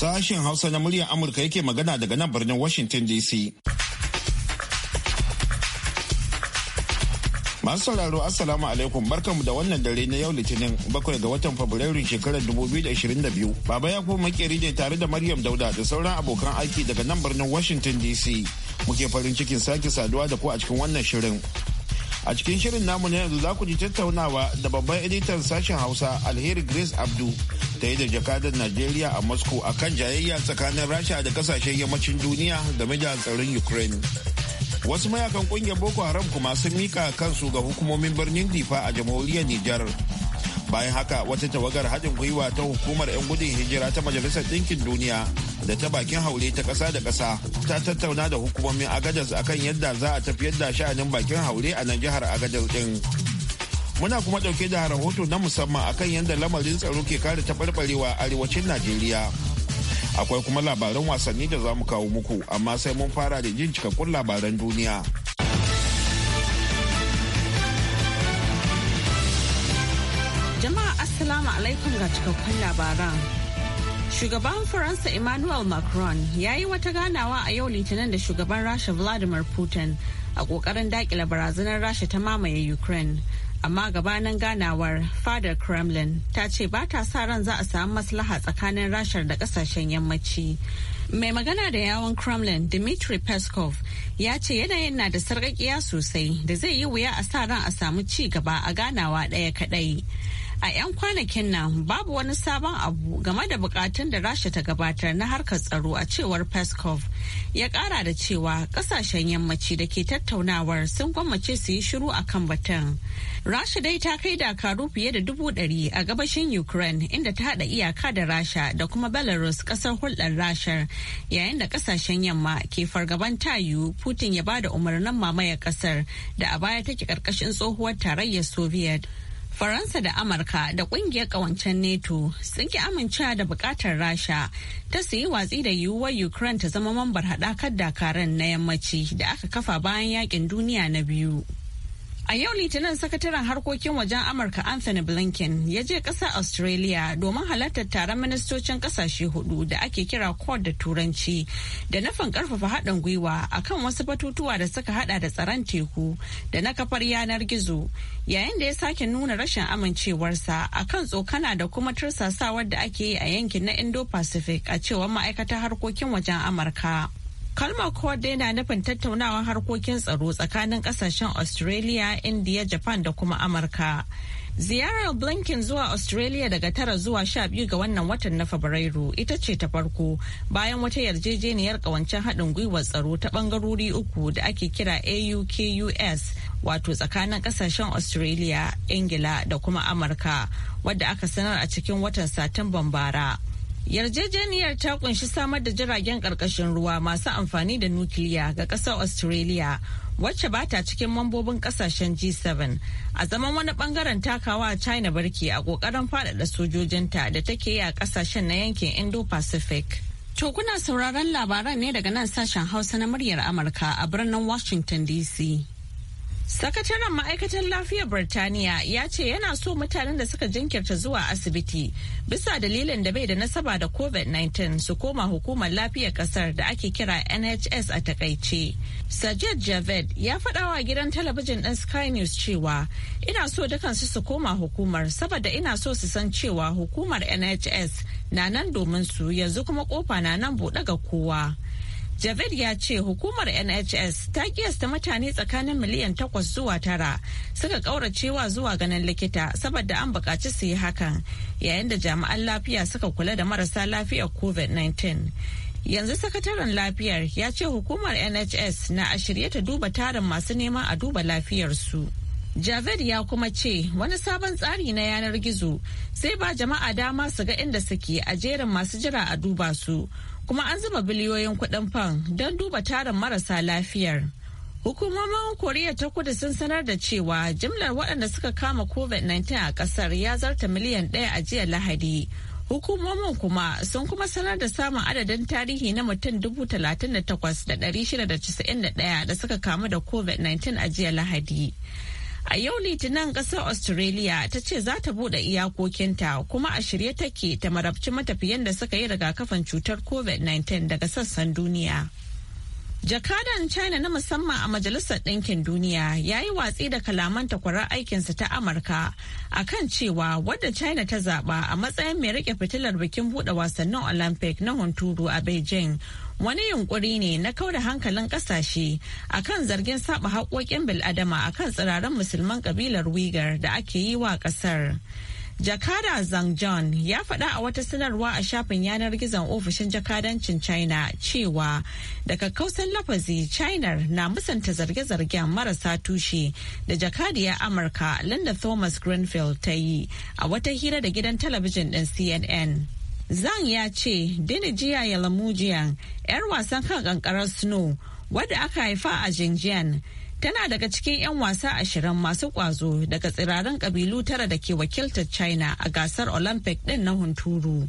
Sashen Hausa na muryar Amurka yake magana daga nan birnin Washington DC. Masu sauraro Assalamu alaikum barkanmu da wannan dare na yau Litinin bakwai ga watan Fabrairu shekarar 2022. Baba ya kuma makeri ne tare da Maryam Dauda da sauran abokan aiki daga nan birnin Washington DC. Muke farin cikin sake saduwa da ku a cikin wannan shirin. A cikin shirin namu na yanzu za ku ji tattaunawa da babban editan sashen Hausa Alheri Grace Abdu ta yi da jakadar Najeriya a Moscow akan jayayya tsakanin Rasha da kasashen yammacin duniya game da tsaron Ukraine. Wasu mayakan kungiyar Boko Haram kuma sun mika kansu ga hukumomin birnin Difa a jamhuriyar Nijar bayan haka wata tawagar haɗin gwiwa ta hukumar 'yan gudun hijira ta majalisar ɗinkin duniya da ta bakin haure ta ƙasa da ƙasa ta tattauna da hukumomin agadas akan yadda za a tafiyar da sha'anin bakin haure a nan jihar agadas ɗin muna kuma ɗauke da rahoto na musamman akan yadda lamarin tsaro ke kare taɓarɓarewa arewacin najeriya akwai kuma labaran wasanni da za mu kawo muku amma sai mun fara da jin cikakkun labaran duniya Assalamu alaikum ga cikakkun labaran. Shugaban Faransa Emmanuel Macron ya yi wata ganawa a yau litinin da shugaban Rasha Vladimir Putin a ƙoƙarin daƙile barazanar Rasha ta mamaye Ukraine. Amma gabanin ganawar fadar Kremlin ta ce ba ta sa ran za a samu maslaha tsakanin Rashar da ƙasashen yammaci. Mai magana da yawon Kremlin Dmitry Peskov ya ce yanayin na da sarƙaƙiya sosai da zai yi wuya a sa ran a samu ci gaba a ganawa ɗaya kaɗai. A 'yan kwanakin nan babu wani sabon abu game da bukatun da Rasha ta gabatar na harkar tsaro a cewar Peskov. Ya kara da cewa kasashen yammaci da ke tattaunawar sun gwammace su yi shiru a kan batun. Rasha dai ta kai dakaru fiye da dubu ɗari a gabashin Ukraine inda ta haɗa iyaka da Rasha da kuma Belarus ƙasar hulɗar Rashar yayin da ƙasashen yamma ke fargaban tayu Putin ya ba da umarnin mamayar ƙasar da a baya take ƙarƙashin tsohuwar tarayyar Soviet. Faransa da Amurka da kungiyar kawancen NATO sun ki amincewa da bukatar Rasha ta su yi watsi da yiwuwar Ukraine ta zama mambar haɗakar dakaran na yammaci da aka kafa bayan yakin duniya na biyu. A yau Litinin sakataren harkokin wajen Amurka Anthony Blinken ya je ƙasa Australia domin halartar taron ministocin ƙasashe hudu da ake kira Quad da Turanci da nufin ƙarfafa haɗin gwiwa akan wasu batutuwa da suka hada da tsaron teku da na kafar yanar gizo yayin da ya sake nuna rashin amincewarsa akan tsokana da kuma tursasawar da ake yi a yankin na Indo-Pacific a cewar ma'aikatar harkokin wajen Amurka. Kalmar Quad yana nufin tattaunawar harkokin tsaro tsakanin kasashen Australia, India, Japan da kuma Amurka. Ziyarar Blinken zuwa Australia daga tara zuwa sha biyu ga wannan watan na Fabrairu ita ce ta farko bayan wata yarjejeniyar kawancen haɗin gwiwar tsaro ta ɓangarori uku da ake kira AUKUS wato tsakanin kasashen Australia, Ingila da kuma Amurka wadda aka sanar a cikin watan Satumban bara. Yarjejeniyar ta kunshi samar da jiragen ƙarƙashin ruwa masu amfani da nukiliya ga ƙasar Australia wacce ba ta cikin mambobin ƙasashen G7 a zaman wani bangaren takawa a China barki a ƙoƙarin faɗaɗa sojojinta da take yi a ƙasashen na yankin Indo-Pacific. To kuna sauraron labaran ne daga nan sashen Hausa na muryar Amurka a birnin Washington DC. Sakataren ma'aikatar lafiyar Birtaniya ya ce yana so mutanen da suka jinkirta zuwa asibiti bisa dalilin da bai da nasaba da COVID-19 su koma hukumar lafiyar kasar da ake kira NHS a takaice. Sajid Javed ya faɗawa gidan talabijin ɗin Sky News cewa ina so dukansu su koma hukumar saboda ina so su san cewa hukumar NHS na nan domin su yanzu kuma kofa na nan buɗe ga kowa. Javed ya ce hukumar NHS ta kiyasta mutane tsakanin miliyan takwas zuwa tara suka kauracewa zuwa ganin likita saboda an bukaci su yi hakan yayin da jami'an lafiya suka kula da marasa lafiyar COVID-19. Yanzu sakataren lafiyar ya ce hukumar NHS na a shirye ta duba tarin masu neman a duba lafiyarsu. Javed ya kuma ce wani sabon tsari na yanar gizo sai ba jama'a dama su ga inda suke a jerin masu jira a duba su. kuma an zuba biliyoyin kudin fan don duba tarin marasa lafiyar. Hukumomin Koriya ta kudu sun sanar da cewa jimlar waɗanda suka kama COVID-19 a ƙasar ya zarta miliyan ɗaya a jiya Lahadi. Hukumomin kuma sun kuma sanar da samun adadin tarihi na mutum 38,691 da suka kamu da COVID-19 a jiya Lahadi. A yau Litinin ƙasar Australia ta ce za ta buɗe iyakokinta kuma a shirye take ta marabci matafiyan da suka yi rigakafin cutar COVID-19 daga sassan duniya. Jakadan China na musamman a Majalisar Ɗinkin Duniya ya yi watsi da kalaman takwarar aikinsa ta Amurka a kan cewa wadda China ta zaɓa a matsayin mai rike fitilar bikin buɗe wasannin Olympic na hunturu a Beijing wani yunkuri ne na kauda hankalin ƙasashe a kan zargin saɓa haƙoƙin bil'adama a kan tsirarin musulman ƙabilar Uyghur da ake yi wa ƙasar. Jakada Zhang John ya faɗa a wata sanarwa a shafin yanar gizon ofishin jakadancin China cewa daga kausan lafazi China na musanta zarge-zargen marasa tushe da jakadiyar Amurka Linda Thomas Greenfield ta yi a wata hira da gidan talabijin ɗin CNN. Zhang ya ce Dinijiya Yalamujiyan 'yar wasan kan kankarar snow wadda aka haifa a Jinjiyan Tana daga cikin 'yan wasa ashirin masu kwazo daga tsirarin kabilu tara da ke wakiltar China a gasar Olympic ɗin na hunturu.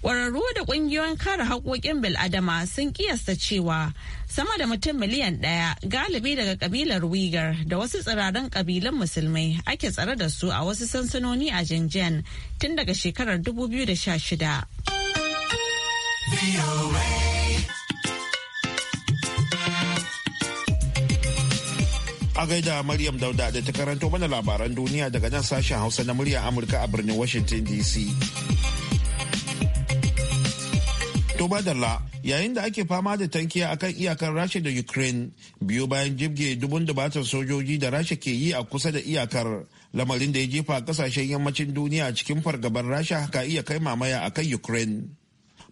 Kwararru da ƙungiyoyin kare haƙoƙin bil'adama sun kiyasta cewa sama da mutum miliyan ɗaya galibi daga ƙabilar Uighur da wasu tsiraran ƙabilun musulmai ake tsare da su a wasu sansanoni a Jinjin tun daga shekarar 2016. A gaida Maryam Dauda da ta karanto mana labaran duniya daga nan sashen Hausa na murya Amurka a birnin Washington DC. To badalla yayin da ake fama da tankiya akan iyakar Rasha da Ukraine biyo bayan jibge dubun dubatar sojoji da Rasha ke yi a kusa da iyakar lamarin da ya jefa kasashen yammacin duniya cikin fargabar Rasha ka iya kai mamaya akan Ukraine.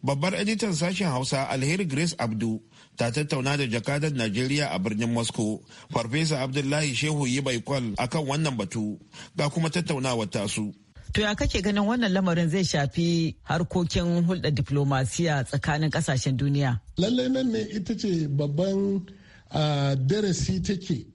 Babbar editan sashen Hausa Alheri Grace Abdu ta tattauna da jakadar Najeriya a birnin Moscow, Farfesa Abdullahi Shehu yi kwal akan wannan batu, ga kuma tattaunawar tasu. To ya kake ganin wannan lamarin zai shafi harkokin hulɗa diplomasiya tsakanin ƙasashen duniya? Lallai nan ne ita ce babban darasi take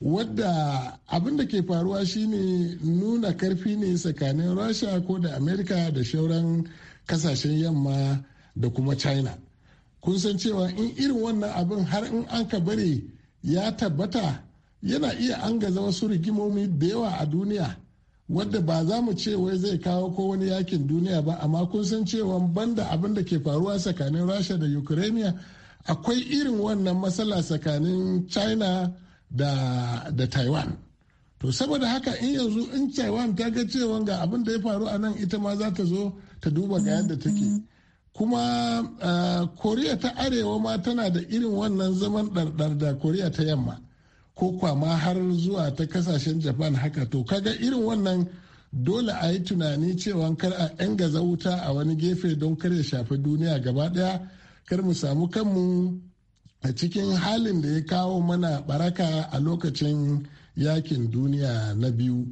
wadda abin da ke faruwa shine nuna karfi ne tsakanin rasha ko da amerika da shauran kasashen yamma da kuma china kun san cewa in irin wannan abin har in an ka bari ya tabbata yana iya an gaza wasu rigimomi da yawa a duniya wadda ba za mu ce wai zai kawo ko wani yakin duniya ba amma kun san cewa banda abin da ke faruwa tsakanin rasha da ukraine akwai irin wannan matsala tsakanin china da, da taiwan to saboda haka in yanzu in taiwan ta ga cewa ga abin da ya faru a nan ita ma za ta zo ta duba ga yadda take mm-hmm. kuma eh, koriya ta arewa ma tana da irin wannan zaman ɗarɗar da koriya ta yamma ko kwama har zuwa ta kasashen japan haka to kaga irin wannan dole a yi tunani cewa kar a 'yan gaza wuta a wani gefe don kar ya shafi duniya gaba daya kar mu samu kanmu a cikin halin da ya kawo mana baraka a lokacin yakin duniya na biyu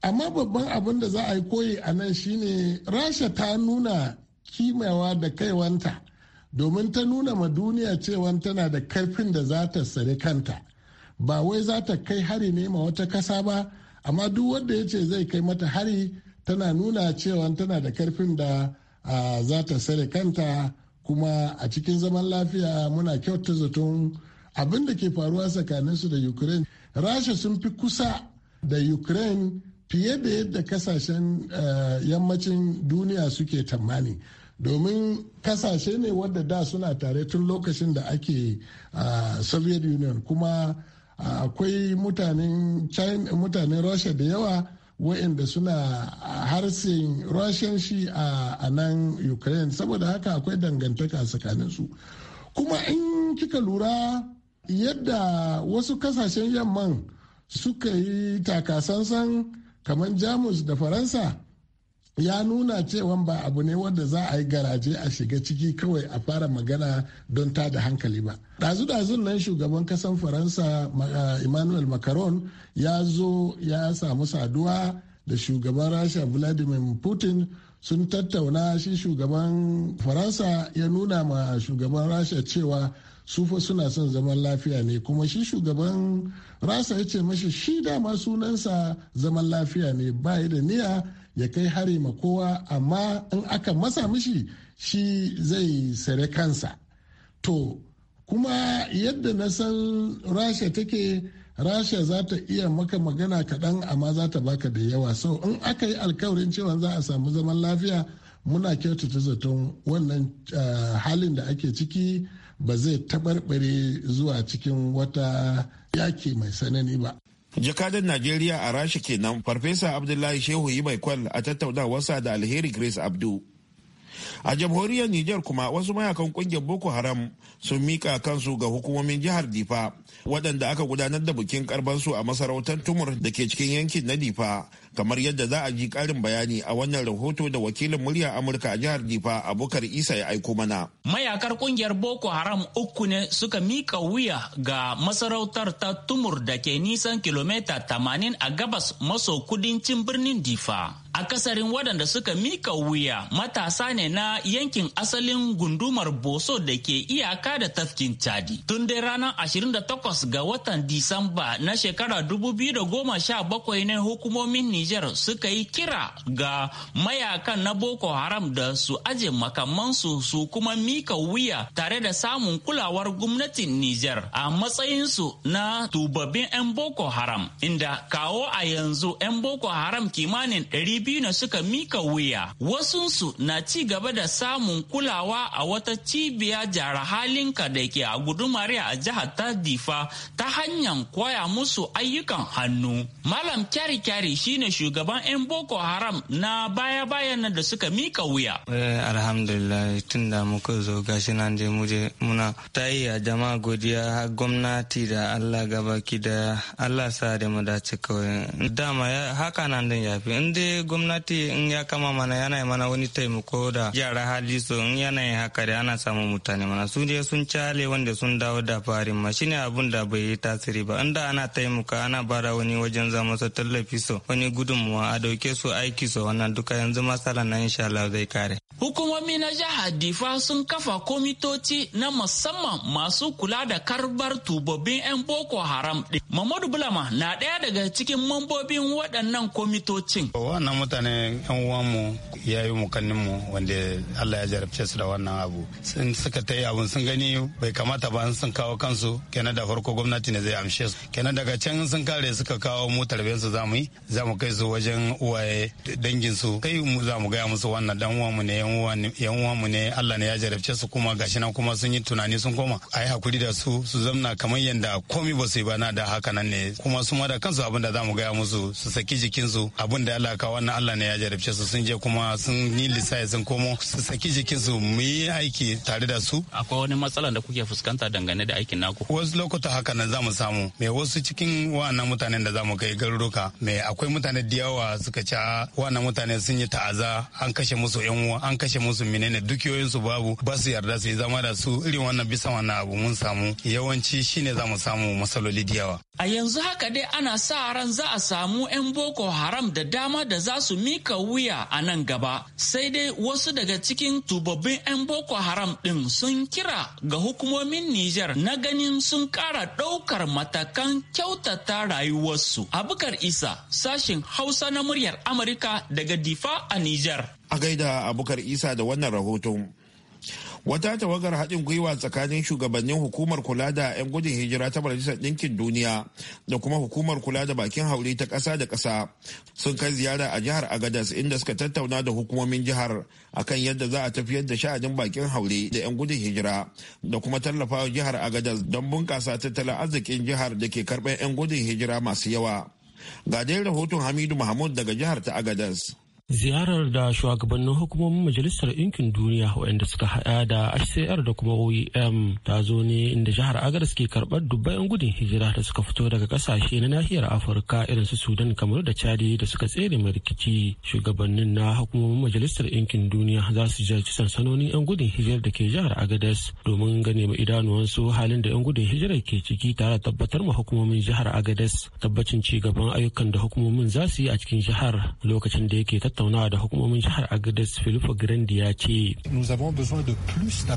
amma babban abin da za a yi koyi a nan shine rasha ta nuna kimawa da kaiwanta domin ta nuna ma duniya cewa tana da karfin da za ta sare kanta ba wai za ta kai hari ne ma wata kasa ba amma duk wanda ya ce zai kai mata hari tana nuna cewa tana da karfin da za ta sare kanta kuma a cikin zaman lafiya muna kyauta zaton abin da ke faruwa tsakaninsu da ukraine rasha sun fi kusa da ukraine fiye da yadda kasashen eh, yammacin duniya suke tamani domin kasashe ne wadda da suna tare tun lokacin da ake eh, soviet union kuma eh, akwai mutanen russia da yawa wa'inda suna harshen russian shi a nan ukraine saboda haka akwai dangantaka tsakanin su kuma in kika lura yadda wasu kasashen yamman suka yi takasansan kamar jamus da faransa ya nuna cewa ba abu ne wanda za a yi garaje a shiga ciki kawai a fara magana don ta da hankali ba dazu-dazun nan shugaban kasan faransa emmanuel macron ya zo ya samu saduwa da shugaban rasha vladimir putin sun tattauna shi shugaban faransa ya nuna ma shugaban rasha cewa sufa suna son zaman lafiya ne kuma shi shugaban rasa ya ce mashi shi dama sunansa zaman lafiya ne ba da niyya ya kai hari ma kowa amma in aka masa mishi shi zai sare kansa to kuma yadda na san rasha take rasha za ta iya maka magana kaɗan amma za ta baka da yawa so in aka yi alkawarin cewa za a samu zaman lafiya muna kyautata zaton wannan eh, halin da ake ciki ba zai tabarbare zuwa cikin wata yaki mai tsanani ba. Jakadan Najeriya a rashi kenan Farfesa Abdullahi Shehu yi mai kwal a tattaunawarsa da Alheri Grace Abdu. A jamhuriyar Nijar kuma wasu mayakan kungiyar Boko Haram sun mika kansu ga hukumomin jihar Difa waɗanda aka gudanar da bikin karbansu a masarautar Tumur da ke cikin yankin na Difa kamar yadda za a ji karin bayani a wannan rahoto da wakilin murya amurka a jihar difa abokar isa ya aiko mana mayakar kungiyar boko haram uku ne suka mika wuya ga masarautar ta tumur da ke nisan kilomita 80 a gabas maso kudincin birnin difa a akasarin waɗanda suka mika wuya matasa ne na yankin asalin gundumar boso da ke iyaka da tafkin chadi tun dai ranar 28 ga watan disamba na shekara 2017 ne hukumomin Nijar suka yi kira ga mayakan na Boko Haram da su aje makamansu su kuma mika wuya tare da samun kulawar gwamnatin Nijar a matsayinsu na tubabin 'yan Boko Haram inda kawo a yanzu 'yan Boko Haram kimanin 200 na suka mika wuya wasunsu na ci gaba da samun kulawa a wata cibiya jara halinka da ke a gudumare a jihar ta ta hanyar koya musu ayyukan hannu. Malam kyari-kyari shine shugaban 'yan Boko Haram na baya-bayan nan da suka mika wuya. Eh, alhamdulillah tun da muka zo gashi nan muje muna ta yi a jama godiya gwamnati da Allah gabaki da Allah sa da mu dace kawai. Dama haka nan din ya fi in dai gwamnati in ya kama mana yana mana wani taimako da yara hali so in yana haka da ana samu mutane mana su je sun cale wanda sun dawo da farin ma shine abun da bai yi tasiri ba inda ana taimaka ana bara wani wajen zama tallafi so wani gudunmuwa a dauke su aiki su wannan duka yanzu matsala na insha Allah zai kare. Hukumomi na jihar Difa sun kafa komitoci na musamman masu kula da karbar tubobin 'yan Boko Haram ɗin. Mamadu Bulama na ɗaya daga cikin mambobin waɗannan komitocin. Wannan mutane 'yan uwanmu ya yi mu wanda Allah ya jarabce su da wannan abu. Sun suka ta yi abun sun gani bai kamata ba sun kawo kansu kenan da farko gwamnati ne zai amshe su. Kenan daga can sun kare suka kawo mu tarbiyyarsu za mu yi za mu kai suka zo wajen uwaye dangin su kai mu za mu gaya musu wannan dan uwanmu ne yan uwanmu ne Allah ne ya jarabce su kuma gashi nan kuma sun yi tunani sun koma a hakuri da su su zamna kamar yanda komai ba su yi bana da haka nan ne kuma su ma da kansu abin da za mu gaya musu su saki su abin da Allah ka wannan Allah ne ya jarabce su sun je kuma sun yi lissafi sun komo su saki su mu yi aiki tare da su akwai wani matsala da kuke fuskanta dangane da aikin naku wasu lokuta haka nan za mu samu me wasu cikin wa'annan mutanen da za mu kai garuruka me akwai mutane mutane da yawa suka ce a ah, wannan mutane sun yi ta'aza an kashe musu yan uwa an kashe musu menene dukiyoyin su babu ba su yarda su yi zama da su irin wannan bisa wannan abu mun samu yawanci shine za mu samu matsaloli da yawa a yanzu haka dai ana sa ran za a samu yan boko haram da dama da za su mika wuya a nan gaba sai dai wasu daga cikin tubabbin yan boko haram din sun kira ga hukumomin Nijar na ganin sun kara ɗaukar matakan kyautata rayuwarsu. Abukar Isa sashen Hausa na muryar Amurka daga Difa a Nijar. A gaida Abukar Isa da wannan rahoton. Wata tawagar haɗin gwiwa tsakanin shugabannin hukumar kula da 'yan gudun hijira ta Majalisar Ɗinkin Duniya da kuma hukumar kula da bakin haure ta ƙasa da ƙasa sun kai ziyara a jihar Agadas inda suka tattauna da hukumomin jihar akan yadda za a tafiyar da sha'anin bakin haure da 'yan gudun hijira da kuma tallafawa jihar Agadas don bunƙasa tattalin arzikin jihar da ke karɓar 'yan gudun hijira masu yawa. Ga dai rahoton Hamidu Mahmud daga jihar ta Agadez. ziyarar da shugabannin hukumomin majalisar ɗinkin duniya waɗanda suka haɗa da hcr da kuma oem ta zo ne inda jihar agadas ke karɓar 'yan gudun hijira da suka fito daga ƙasashe na nahiyar afirka irin su sudan kamar da chadi da suka tsere mai rikici shugabannin na hukumomin majalisar ɗinkin duniya za su ziyarci sansanonin 'yan gudun hijirar da ke jihar agadas domin gane ma idanuwansu halin da 'yan gudun hijirar ke ciki tare da tabbatar ma hukumomin jihar agadas tabbacin ci gaban ayyukan da hukumomin za su yi a cikin jihar lokacin da yake tattaunawa da hukumomin jihar agadez filippo grandi ya ce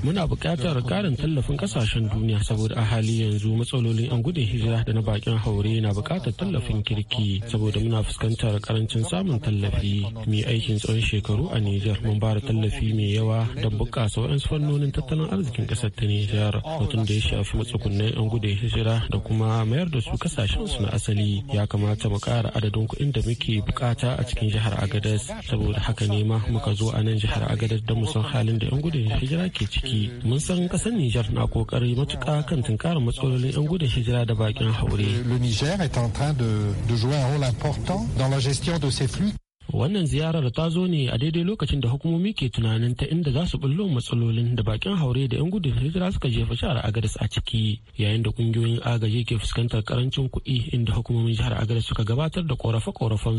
muna buƙatar ƙarin tallafin ƙasashen duniya saboda a hali yanzu matsalolin yan gudun hijira da na bakin haure na buƙatar tallafin kirki saboda muna fuskantar karancin samun tallafi mai aikin tsawon shekaru a nijar mun bara tallafi mai yawa don buƙasa waɗansu fannonin tattalin arzikin ƙasar ta nijar mutum da ya shafi matsugunan yan gudun hijira da kuma mayar da su ƙasashen su na asali ya kamata mu ƙara adadin kuɗin da muke buƙata a cikin jihar agadez saboda haka ne ma muka zo a nan jihar agadar da san halin da 'yan gudun hijira ke ciki mun san kasar nijar na kokari matuka kan tunkarar matsalolin 'yan gudun hijira da bakin haure le niger est en train de, de jouer un rôle important dans la gestion de ces flux wannan ziyarar ta zo ne a daidai lokacin da hukumomi ke tunanin ta inda za su bullo matsalolin da bakin haure da 'yan gudun hijira suka jefa jihar Agadis a ciki yayin da kungiyoyin agaji ke fuskantar karancin kuɗi inda hukumomin jihar Agadis suka gabatar da korafe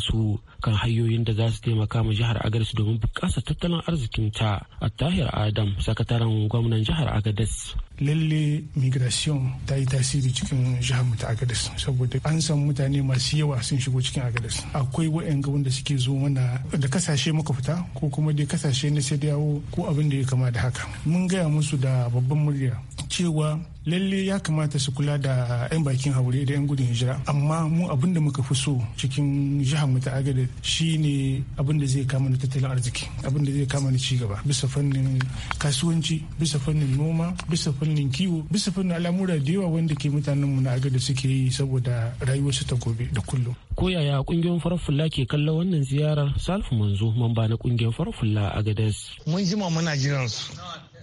su kan hanyoyin da za su taimaka ma jihar Agadis domin bunƙasa tattalin arzikinta a tahir adam sakataren gwamnan jihar Agadis. lalle migration ta yi tasiri cikin jihar mu ta agadis saboda an san mutane masu yawa sun shigo cikin agadis akwai wa'yan wanda suke zo mana da kasashe muka fita ko kuma dai kasashe na sai dawo ko abin da ya kama da haka mun gaya musu da babban murya cewa lalle ya kamata su kula da 'yan bakin haure da 'yan gudun hijira amma mu abin da muka fi so cikin jihar mu ta agada ne abin da zai kama tattalin arziki abin da zai kama ci gaba bisa fannin kasuwanci bisa fannin noma bisa fannin kiwo bisa fannin al'amura da yawa wanda ke mutanen mu na agada suke yi saboda rayuwar su ta gobe da kullum ko yaya kungiyar farfulla ke kallon wannan ziyarar salfu manzo mamba na kungiyar farfulla agadas a gadas mun jima muna jiran su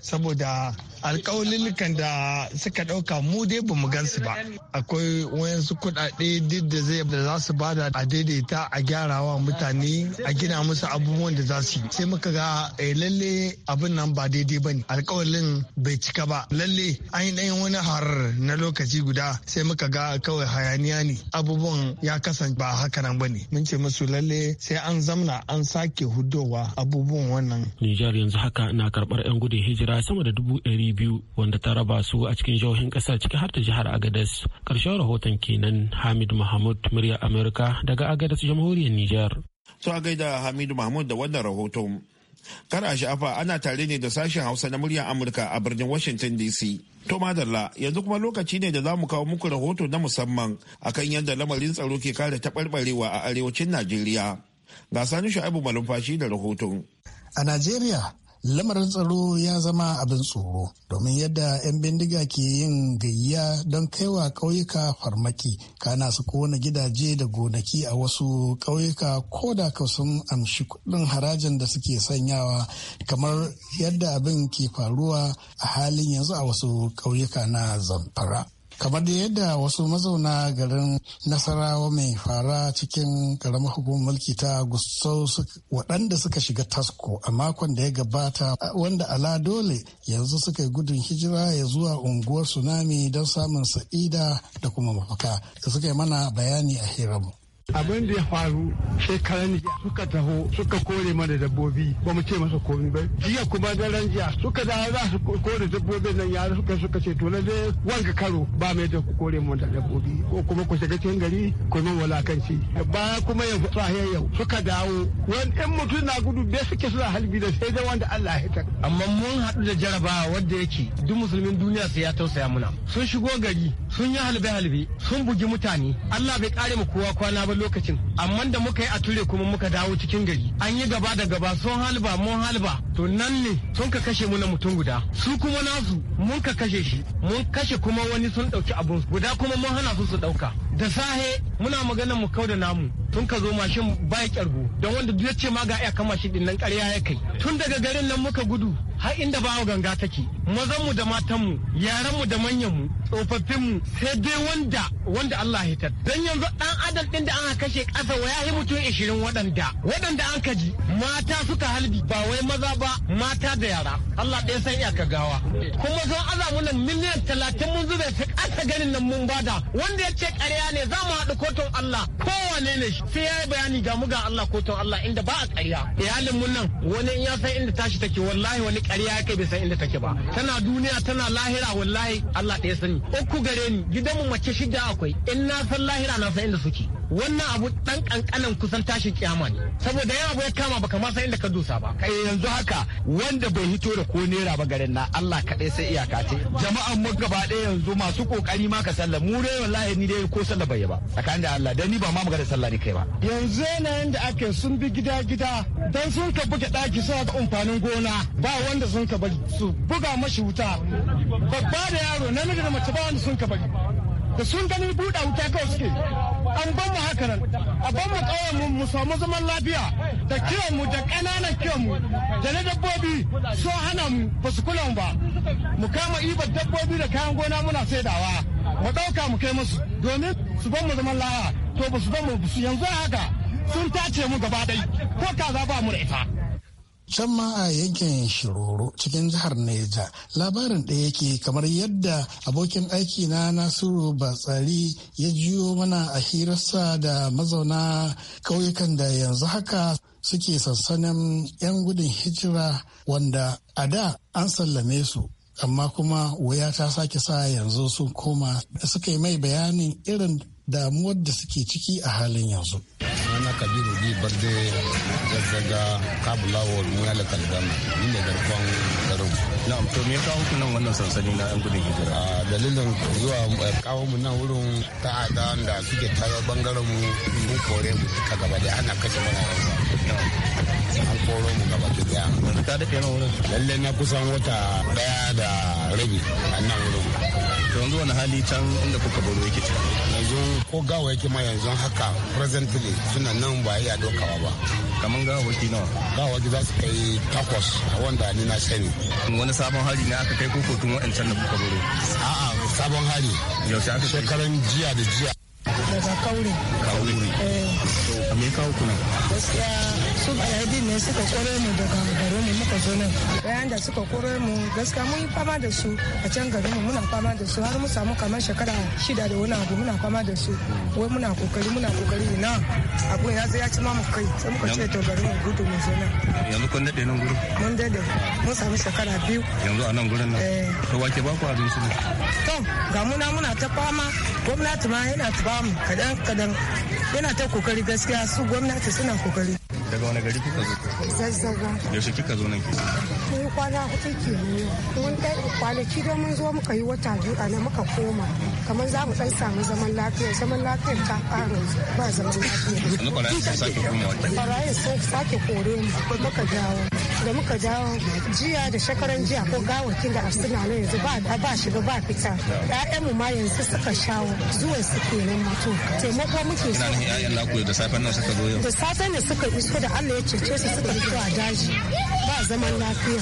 saboda alkawalilikan da suka ɗauka mu dai ba mu gansu ba akwai wayansu kudade duk da zai da za su bada a daidaita a gyarawa mutane a gina musu abubuwan da za su yi sai muka ga eh, lalle abin nan ba daidai ba ne alkawalin bai cika ba lalle an yi wani har na lokaci guda sai muka ga kawai hayaniya ne abubuwan ya kasance ba haka nan ba ne mun ce musu lalle sai an zamna an sake hudowa abubuwan wannan. Nijar yanzu haka na karɓar 'yan gudun hijira hijira sama da dubu ɗari biyu wanda ta raba su a cikin jihohin ƙasar ciki har da jihar Agadez. Ƙarshen rahoton kenan Hamid Mahmud murya Amurka daga Agadez jamhuriyar Nijar. To a gaida Hamidu Mahmud da wannan rahoton. Kar a sha'afa ana tare ne da sashen Hausa na murya Amurka a birnin Washington DC. To madalla yanzu kuma lokaci ne da za mu kawo muku rahoto na musamman akan yadda lamarin tsaro ke kare taɓarɓarewa a arewacin Najeriya. Ga sani Shu'aibu Malumfashi da rahoton. A Najeriya lamarin tsaro ya zama abin tsoro domin yadda 'yan bindiga ke yin gayya don kaiwa ƙauyuka farmaki kana su kona gidaje da gonaki a wasu ƙauyuka ko da ka sun amshi kuɗin harajin da suke sanyawa kamar yadda abin ke faruwa a halin yanzu a wasu ƙauyuka na zamfara kamar da yadda wasu mazauna garin nasarawa mai fara cikin karamar hukumar mulki ta gusau waɗanda suka shiga tasko a makon da ya gabata wanda ala dole yanzu suka yi gudun hijira ya zuwa unguwar tsunami don samun sa'ida da kuma mafaka da suka yi mana bayani a hiramu. abin da ya faru shekaran jiya suka taho suka kore mana dabbobi ba mu ce masa komi ba jiya kuma daren jiya suka da za su kore dabbobin nan yara suka suka ce to lalle wanga karo ba mai da kore mu da dabbobi ko kuma ku shiga cikin gari ku nan walakanci baya kuma ya sahiya yau suka dawo wani in mutum na gudu bai suke suna halbi da sai da wanda Allah ya hita amma mun haɗu da jarabawa wanda yake duk musulmin duniya sai ya tausaya muna sun shigo gari sun yi halbe halbe sun bugi mutane Allah bai kare mu kowa kwana ba lokacin amma da muka yi a ture kuma muka dawo cikin gari an yi gaba da gaba sun halba mun halba to nan ne sun ka kashe mu na mutum guda su kuma nasu mun ka kashe shi mun kashe kuma wani sun dauki abun guda kuma mun hana su su dauka da sahe muna magana mu kau da namu tun ka zo mashin ba ya kyargo don wanda duk ya ce ma ga iya kama shi din nan ƙarya ya kai tun daga garin nan muka gudu har inda bawa ganga take mazanmu da matanmu yaranmu da manyanmu tsofaffinmu sai dai wanda wanda Allah hitar dan yanzu dan adam din da an kashe kasa wa yahi mutum 20 waɗanda waɗanda an kaji mata suka halbi ba wai maza ba mata da yara Allah ɗaya san iyaka gawa kuma zan azamu nan miliyan 30 mun zube ta ta ganin nan mun bada wanda ya ce ƙarya ne za mu haɗu kotun Allah kowane ne sai ya yi bayani ga muga Allah kotun Allah inda ba a ƙarya iyalin mun nan wani in ya san inda tashi take wallahi wani ƙarya ya kai bai san inda take ba tana duniya tana lahira wallahi Allah ɗaya sani uku gare ni mu mace shida akwai in na san lahira na san inda suke wannan abu dan kankanan kusan tashin kiyama ne saboda yawa abu ya kama baka ma san inda ka dosa ba kai yanzu haka wanda bai hito da ko naira ba garin na Allah kaɗai sai iyaka ce jama'an mu gaba ɗaya yanzu masu kokari ma ka sallah mu dai wallahi ni dai ko sallah bai ba tsakanin da Allah dan ni ba ma magana sallah ni kai ba yanzu yanayin da ake sun bi gida gida dan sun ka buga daki suna da amfanin gona ba wanda sun ka bari su buga mashi wuta babba da yaro namiji da mace ba wanda sun ka bari da sun gani buɗa wuta kawai suke an ban mu haka nan a ban mu mu mu samu zaman lafiya da kiyon mu da ƙananan kiyon mu da na dabbobi so hana mu ba su kula mu ba mu kama ibar dabbobi da kayan gona muna saidawa mu ɗauka mu kai musu domin su ban mu zaman lafiya to ba su ban mu yanzu haka sun tace mu gaba dai ko kaza ba mu da ita can ma a yankin shiroro cikin jihar neja labarin ɗaya yake kamar yadda abokin aiki na nasiru batsari ya jiyo mana a hirarsa da mazauna kauyukan da yanzu haka suke sansanin 'yan gudun hijira wanda a da an sallame su amma kuma wuya ta sake sa yanzu sun koma suka yi mai bayanin irin damuwar da suke ciki a halin yanzu. na kabiru bi barde wa kabulawar da kalgama ni ne garkon garin na to me kawo ku nan wannan sansani na yan gudun hijira a dalilin zuwa eh, kawo mu nan wurin ta da suke tarar bangaren mu mu kore mu duka gaba da ana kashe mana rayuwa an koro mu gaba da daya. Ka daɗe na wurin? Lalle na kusan wata daya da rabi a nan wurin. to yanzu wani hali can inda kuka baro yake ciki yanzu ko gawa yake ma yanzu haka presently suna nan ba iya dokawa ba kamar gawawaki nawa gawawaki za su kai takwas wanda ni na sani wani sabon hali ne aka kai koko tun wa'ancan da kuka baro a'a sabon yau yaushe aka shekaran jiya da jiya daga eh. me ya kawo ku gaskiya su alhaji ne suka kore mu daga garin mu muka zo nan bayan da suka kore mu gaskiya mun yi fama da su a can garin mu muna fama da su har mu samu kamar shekara shida da wani abu muna fama da su wai muna kokari muna kokari na abu ya zai ya ci mamu kai sai muka ce to garin mu gudu mu zo nan yanzu kun daɗe nan gurin mun daɗe mun samu shekara biyu yanzu a nan gurin nan eh. to wake ba ku abinci ne to ga muna muna ta fama gwamnati ma yana ta bamu kadan kadan yana ta kokari gaskiya su gwamnati suna kokari daga wani gari kuka zo zazzaga yaushe kika zo nan ke mun yi kwana hutu ke mun dai kwanaki da mun zo muka yi wata biyu a nan muka koma kamar za mu dan samu zaman lafiya zaman lafiyar ta fara ba zaman lafiya. Barayin sun sake kore mu muka dawo. da muka dawo jiya da shekaran jiya ko gawakin da suna na yanzu ba ba shiga ba fita mu ma yanzu suka shawo zuwa su kenan mato taimako muke so ƴaƴan naku da safen nan suka zo yau da safen ne suka iso da Allah ya cece su suka fito a daji ba zaman lafiya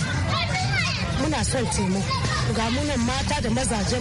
muna son taimako ga munan mata da mazajen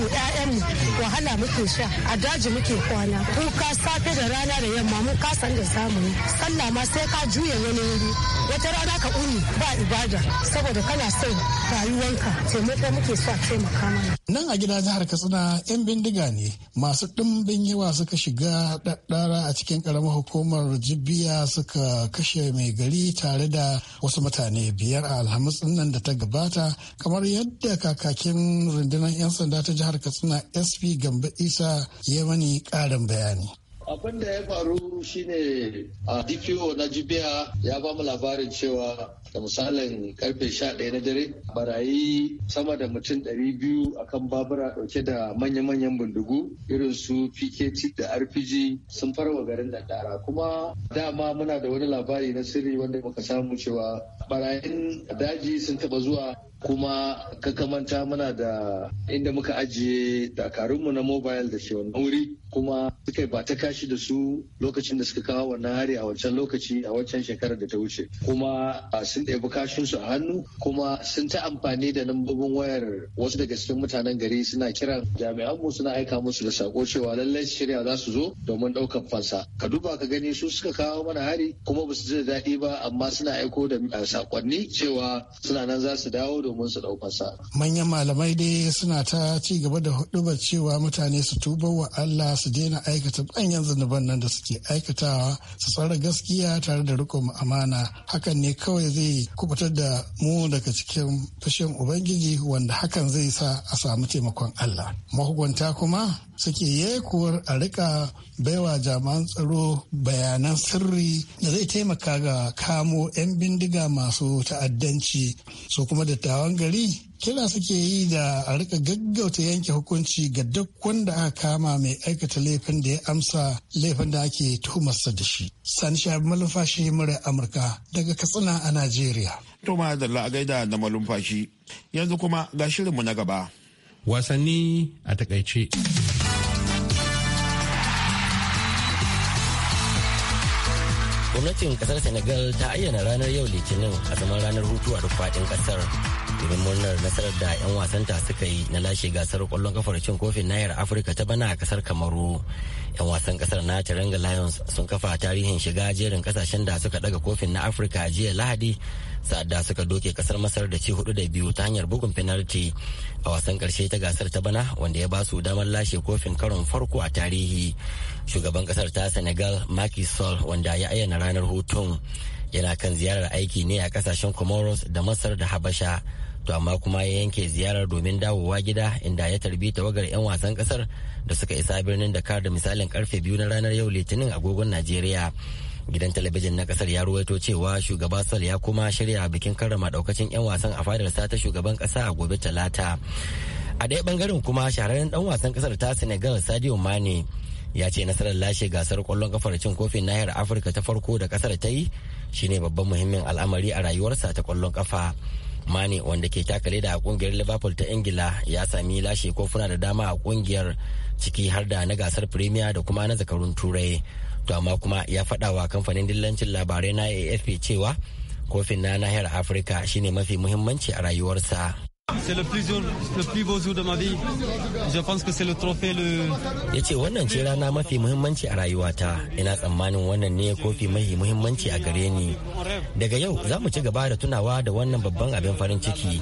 mu wahala muke sha a daji muke kwana kuka safe da rana da yamma mun san da samu sallah ma sai ka juya wani wuri wata rana ka uni ba ibada saboda kana son rayuwanka taimako muke so a taimaka mana nan a gida jihar katsina yan bindiga ne masu ɗimbin yawa suka shiga daddara a cikin karamar hukumar jibiya suka kashe mai gari tare da wasu mutane biyar a alhamis nan da ta gabata kamar yadda kakakin kakakin rundunar 'yan sanda ta jihar katsina sp gamba isa ya karin bayani abin da ya faru shine a dpo na jibiya ya ba mu labarin cewa da misalin karfe 11 na dare barayi sama da mutum 200 akan babura dauke da manya-manyan bindigu irin su pkt da rpg sun farwa garin da dara kuma dama muna da wani labari na sirri wanda muka samu cewa barayin daji sun taba zuwa kuma kakamanta muna da inda muka ajiye dakarunmu na mobile da shi wani wuri kuma suka ba ta kashi da su lokacin da suka kawo wannan hari a wancan lokaci a wancan shekarar da ta wuce kuma sun ɗebi kashin su a hannu kuma sun ta amfani da lambobin wayar wasu daga cikin mutanen gari suna kiran jami'an mu suna aika musu da sako cewa lallai shirya za su zo domin ɗaukar fansa ka duba ka gani su suka kawo mana hari kuma ba su ji da daɗi ba amma suna aiko da sakonni cewa suna nan za su dawo domin su ɗau sa. manyan malamai dai suna ta ci gaba da hudubar cewa mutane su tuba wa Allah su daina aikata manyan zunuban nan da suke aikatawa su tsara gaskiya tare da rikon amana hakan ne kawai zai kubutar da mu daga cikin fushin ubangiji wanda hakan zai sa a samu taimakon allah mahukunta kuma suke yekuwar a rika baiwa jaman tsaro bayanan sirri da zai taimaka ga kamo 'yan bindiga masu ta'addanci su kuma dattawan gari kina suke yi da a rika gaggauta yanke hukunci ga duk wanda aka kama mai aikata laifin da ya amsa laifin da ake tuhumarsa da shi. Sani Shabi Malumfashi murar Amurka daga Katsina a Najeriya. Toma da la'agaida da malumfashi yanzu kuma ga shirinmu na gaba. Wasanni a takaice. gwamnatin kasar senegal ta ayyana ranar yau litinin a zaman ranar hutu a duk faɗin kasar domin murnar nasarar da 'yan wasanta suka yi na lashe gasar kwallon kafar cin kofin nayar afirka ta bana a kasar kamaru 'yan wasan kasar na taranga lions sun kafa tarihin shiga jerin kasashen da suka daga kofin na afirka jiya lahadi sa'adda suka doke kasar masar da ci hudu da biyu ta hanyar bugun finalti a wasan karshe ta gasar ta bana wanda ya ba su damar lashe kofin karon farko a tarihi shugaban kasar ta senegal Macky Sall wanda ya ayyana ranar hutun yana kan ziyarar aiki ne a kasashen comoros da masar da habasha to amma kuma ya yanke ziyarar domin dawowa gida inda ya tarbi tawagar 'yan wasan kasar da suka isa birnin dakar da misalin karfe biyu na ranar yau litinin agogon najeriya gidan talabijin na kasar ya ruwaito cewa shugaba sol ya kuma shirya bikin karrama daukacin 'yan wasan a fadarsa ta shugaban kasa a gobe talata a ɗaya bangaren kuma shahararren dan wasan kasar ta senegal sadio mane ya ce nasarar lashe gasar kwallon kafar cin kofin nahiyar afirka ta farko da kasar ta yi shine babban muhimmin al'amari a rayuwarsa ta kwallon kafa mane wanda ke takale da kungiyar liverpool ta ingila ya sami lashe kofuna da dama a kungiyar ciki har da na gasar premier da kuma na zakarun turai to amma kuma ya faɗa wa kamfanin dillancin labarai na afp cewa kofin na nahiyar afirka shine mafi muhimmanci a rayuwarsa C'est le plus, le plus beau jour de ma vie. Je pense que c'est le trophée le. Ya ce wannan ce rana mafi muhimmanci a rayuwata. Ina tsammanin wannan ne kofi mafi muhimmanci a gare ni. Daga yau za mu ci gaba da tunawa da wannan babban abin farin ciki.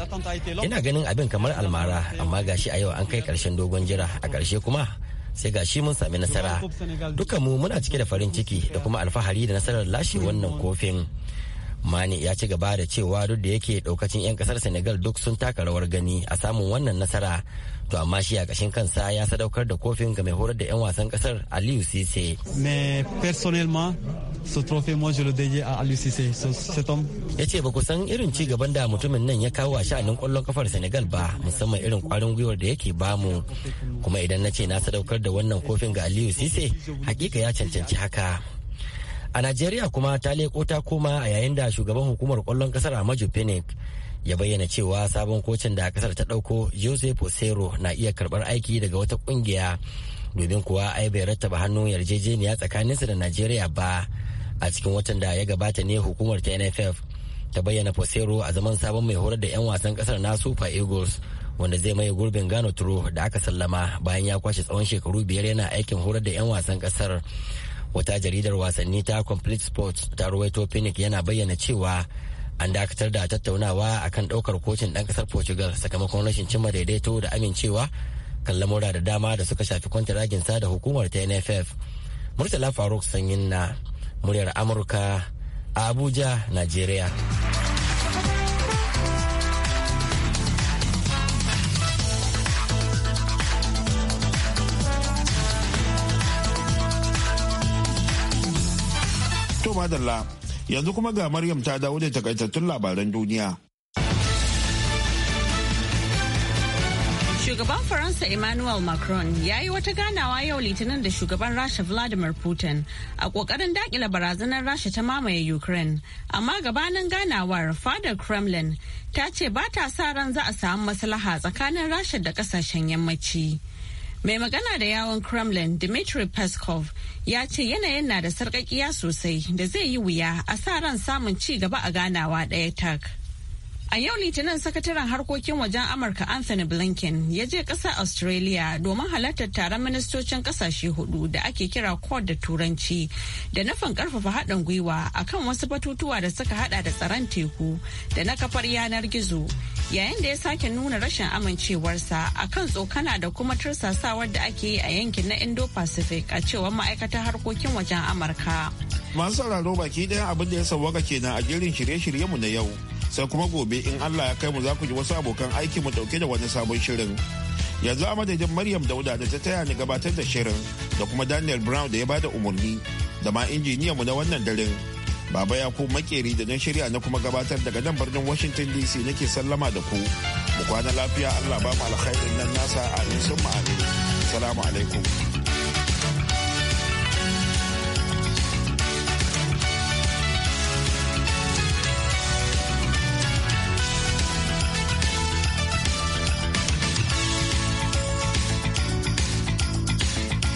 Ina ganin abin kamar almara amma gashi a yau an kai karshen dogon jira a karshe kuma sai gashi mun sami nasara mu muna cike da farin ciki da kuma alfahari da nasarar lashe wannan kofin mani ya ci gaba da cewa duk da yake daukacin 'yan kasar senegal duk sun taka rawar gani a samun wannan nasara to amma shi a kashin kansa ya sadaukar da kofin ga mai horar da 'yan wasan kasar aliyu sise me personnellement ce trophée moi je le aliyu sise ya ce ba ku san irin ci gaban da mutumin nan ya kawo a sha'anin kwallon kafar senegal ba musamman irin kwarin gwiwar da yake bamu kuma idan na ce na sadaukar da wannan kofin ga aliyu sise hakika ya cancanci haka a najeriya kuma ta leko ta koma a yayin da shugaban hukumar kwallon kasar amaju pinnick ya bayyana cewa sabon kocin da kasar ta ɗauko jose posero na iya karɓar aiki daga wata ƙungiya, domin kuwa ai bai rattaba hannun yarjejeniya tsakaninsa da najeriya ba a cikin watan da ya gabata ne hukumar ta nff ta bayyana posero a zaman sabon mai horar da 'yan wasan kasar na super eagles wanda zai maye gurbin gano turo da aka sallama bayan ya kwashe tsawon shekaru biyar yana aikin horar da 'yan wasan kasar wata jaridar wasanni ta complete sports ta ruwaito phoenix yana bayyana cewa an dakatar da tattaunawa akan daukar kocin dan kasar portugal sakamakon rashin cimma daidaito da amincewa kan lamura da dama da suka shafi kwantaraginsa da hukumar ta nff murtala faruk sanyin na muryar amurka a abuja nigeria dalla yanzu kuma ga maryam ta dawo da takaitattun labaran duniya Shugaban Faransa Emmanuel Macron ya yi wata ganawa yau litinin da shugaban Rasha Vladimir Putin a ƙoƙarin dakila barazanar Rasha ta mamaye Ukraine. Amma gabanin ganawar fadar Kremlin ta ce ba ta sa ran za a samu maslaha tsakanin Rasha da kasashen yammaci. Mai magana da yawon Kremlin Dmitry Peskov ya ce yanayin na da sarƙaƙiya sosai da zai yi wuya a sa ran samun ci gaba a ganawa ɗaya tak. A yau Litinin sakataren harkokin wajen Amurka Anthony Blinken ya je ƙasar Australia domin halartar taron ministocin ƙasashe hudu da ake kira Quad da Turanci da nufin ƙarfafa haɗin gwiwa akan wasu batutuwa da suka hada da tsaron teku da na kafar yanar gizo yayin da ya sake nuna rashin amincewarsa akan tsokana da kuma tursasawar da ake yi a yankin na Indo-Pacific a cewar ma'aikatar harkokin wajen Amurka. Masu sauraro baki ɗaya abin da ya sauwaka kenan a jerin shirye-shiryenmu na yau. sai kuma gobe in Allah ya kai mu za ku ji wasu abokan aiki mu dauke da wani sabon shirin yanzu a madadin Maryam Dauda da ta taya ni gabatar da shirin da kuma Daniel Brown da ya bada umarni da ma injiniya mu na wannan daren Baba ya ku Makeri da na shirya na kuma gabatar daga nan birnin Washington DC nake sallama da ku mu kwana lafiya Allah ba mu alkhairin nan nasa a sun ma'ani salamu alaikum